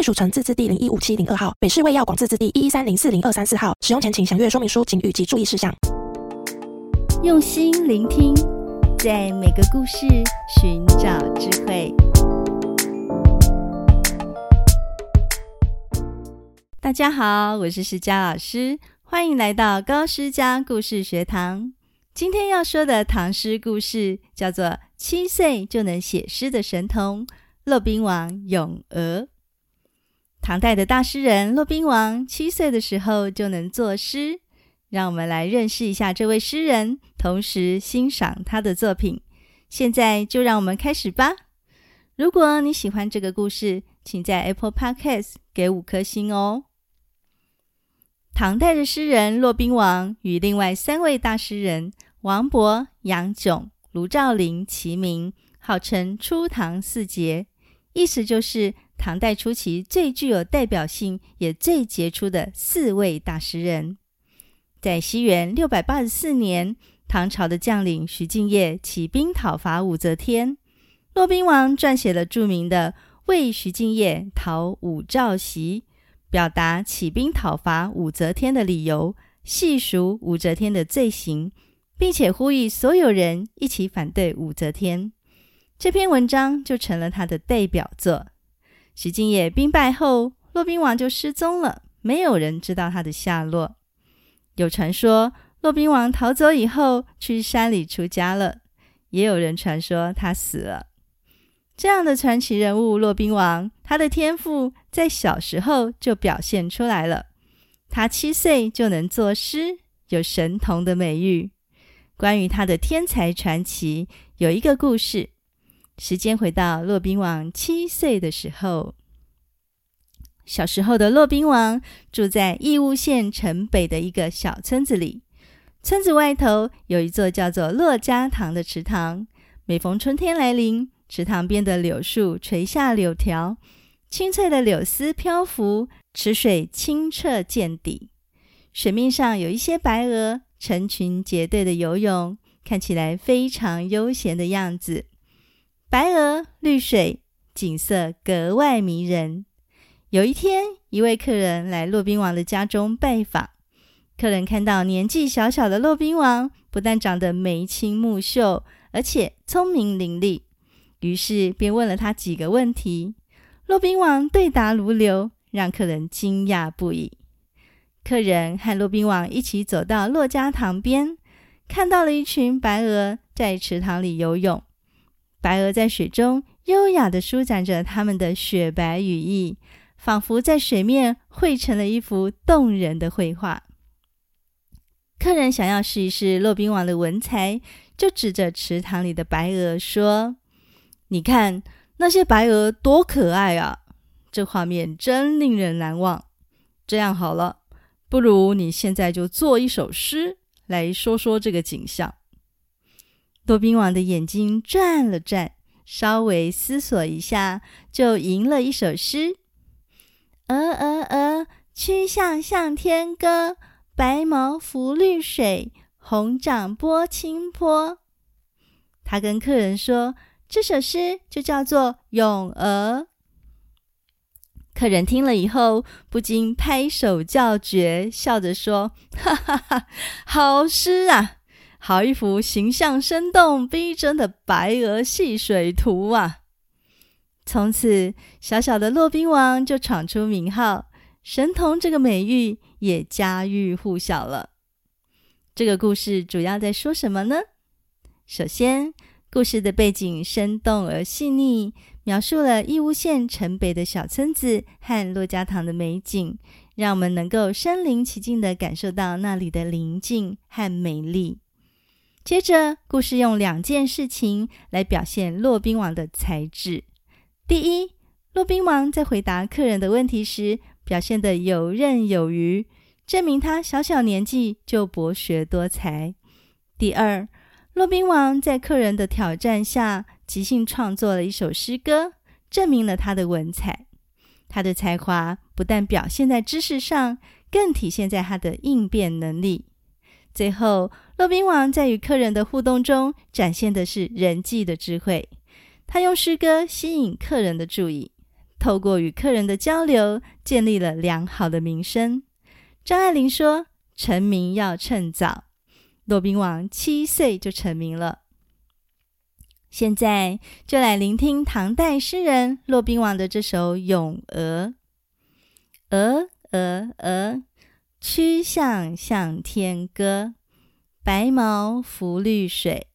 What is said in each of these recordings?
貴屬城字字第，零一五七零二號，北市衛藥廣字字第，一一三零四零二三四號。使用前請詳閱說明書請及注意事項。用心聆聽，在每個故事尋找智慧。大家好，我是施佳老師，歡迎來到高施佳故事學堂。今天要說的唐詩故事叫做《七歲就能寫詩的神童駱賓王詠鵝》。唐代的大詩人駱賓王七歲的時候就能作詩，讓我們來認識一下這位詩人，同時欣賞他的作品。現在就讓我們開始吧。如果你喜歡這個故事，請在 Apple Podcast 給五顆星哦。唐代的詩人駱賓王與另外三位大詩人王勃、楊炯、盧照鄰齊名，號稱“初唐四傑”，意思就是，唐代初期最具有代表性也最傑出的四位大詩人，在西元六百八十四年，唐朝的將領徐敬業起兵討伐武則天，駱賓王撰寫了著名的《為徐敬業討武曌檄》，表達起兵討伐武則天的理由，細數武則天的罪行，並且呼籲所有人一起反對武則天。這篇文章就成了他的代表作。徐敬業兵敗後，駱賓王就失蹤了，沒有人知道他的下落。有傳說，駱賓王逃走以後去山裡出家了；也有人傳說他死了。這樣的傳奇人物駱賓王，他的天賦在小時候就表現出來了。他七歲就能作詩，有神童的美譽。關於他的天才傳奇，有一個故事。時間回到駱賓王七歲的時候。小時候的駱賓王住在義烏縣城北的一個小村子裡，村子外頭有一座叫做駱家塘的池塘。每逢春天來臨，池塘邊的柳樹垂下柳條，青翠的柳絲漂浮，池水清澈見底，水面上有一些白鵝，成群結隊的游泳，看起來非常悠閒的樣子。白鵝綠水，景色格外迷人。有一天，一位客人來駱賓王的家中拜訪。客人看到年紀小小的駱賓王，不但長得眉清目秀，而且聰明伶俐，於是便問了他幾個問題。駱賓王對答如流，讓客人驚訝不已。客人和駱賓王一起走到駱家塘邊，看到了一群白鵝在池塘裡游泳。白鵝在水中優雅地舒展着它們的雪白羽翼，仿佛在水面繪成了一幅動人的繪畫。客人想要試一試駱賓王的文采，就指着池塘裡的白鵝說：“你看那些白鵝多可愛啊！這畫面真令人難忘。這樣好了，不如你現在就作一首詩來說說這個景象。”駱賓王的眼睛轉了轉，稍微思索一下，就吟了一首詩：“鵝鵝鵝，曲項向，向天歌。白毛浮綠水，紅掌撥清波。”他跟客人說：“這首詩就叫做《詠鵝》。”客人聽了以後，不禁拍手叫絕，笑着說：“哈哈哈，哈，好詩啊！”好一幅形象生動、逼真的白鵝戲水圖啊！從此，小小的駱賓王就闖出名號，神童這個美譽也家喻戶曉了。這個故事主要在說什麼呢？首先，故事的背景生動而細膩，描述了義烏縣城北的小村子和駱家塘的美景，讓我們能夠身臨其境的感受到那裡的寧靜和美麗。接着，故事用兩件事情來表現駱賓王的才智。第一，駱賓王在回答客人的問題時，表現得游刃有餘，證明他小小年紀就博學多才。第二，駱賓王在客人的挑戰下即興創作了一首詩歌，證明了他的文采。他的才華不但表現在知識上，更體現在他的應變能力。最後，駱賓王在與客人的互動中展現的是人際的智慧。他用詩歌吸引客人的注意，透過與客人的交流建立了良好的名聲。張愛玲說：“成名要趁早。”駱賓王七歲就成名了。現在就來聆聽唐代詩人駱賓王的這首《詠鵝》：“鵝，鵝，鵝，曲項向，向天歌。”白毛浮綠水，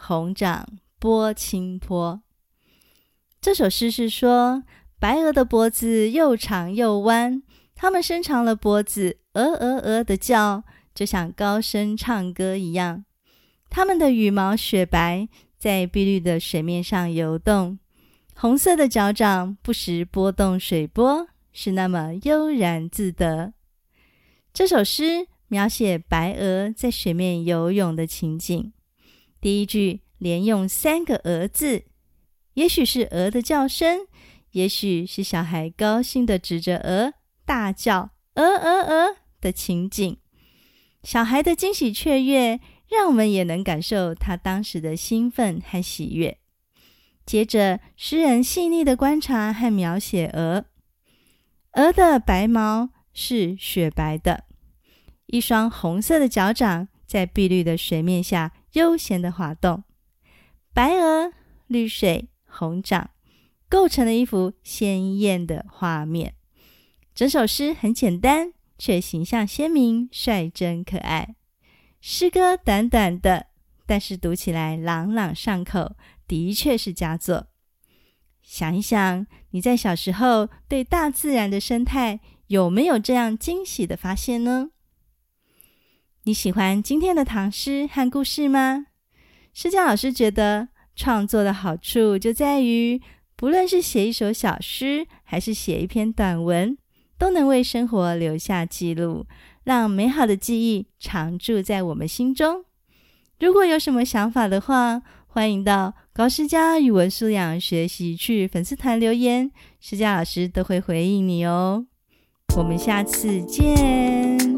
紅掌撥清波。這首詩是說，白鵝的脖子又長又彎，它們伸長了脖子，鵝鵝鵝的叫，就像高聲唱歌一樣。它們的羽毛雪白，在碧綠的水面上游動，紅色的腳掌不時撥動水波，是那麼悠然自得。這首詩描寫白鵝在水面游泳的情景。第一句連用三個“鵝”字，也許是鵝的叫聲，也許是小孩高興地指着鵝大叫“鵝鵝鵝，鵝”的情景。小孩的驚喜雀躍，讓我們也能感受他當時的興奮和喜悅。接着，詩人細膩的觀察和描寫鵝。鵝的白毛是雪白的。一雙紅色的腳掌在碧綠的水面下悠閒地滑動，白鵝、綠水、紅掌，構成了一幅鮮豔的畫面。整首詩很簡單，卻形象鮮明、率真可愛。詩歌短短的，但是讀起來朗朗上口，的確是佳作。想一想，你在小時候對大自然的生態有沒有這樣驚喜的發現呢？你喜歡今天的唐詩和故事嗎？詩佳老師覺得創作的好處就在於，不論是寫一首小詩，還是寫一篇短文，都能為生活留下記錄，讓美好的記憶常駐在我們心中。如果有什麼想法的話，歡迎到高詩佳語文素養學習區粉絲團留言，詩佳老師都會回應你哦。我們下次見。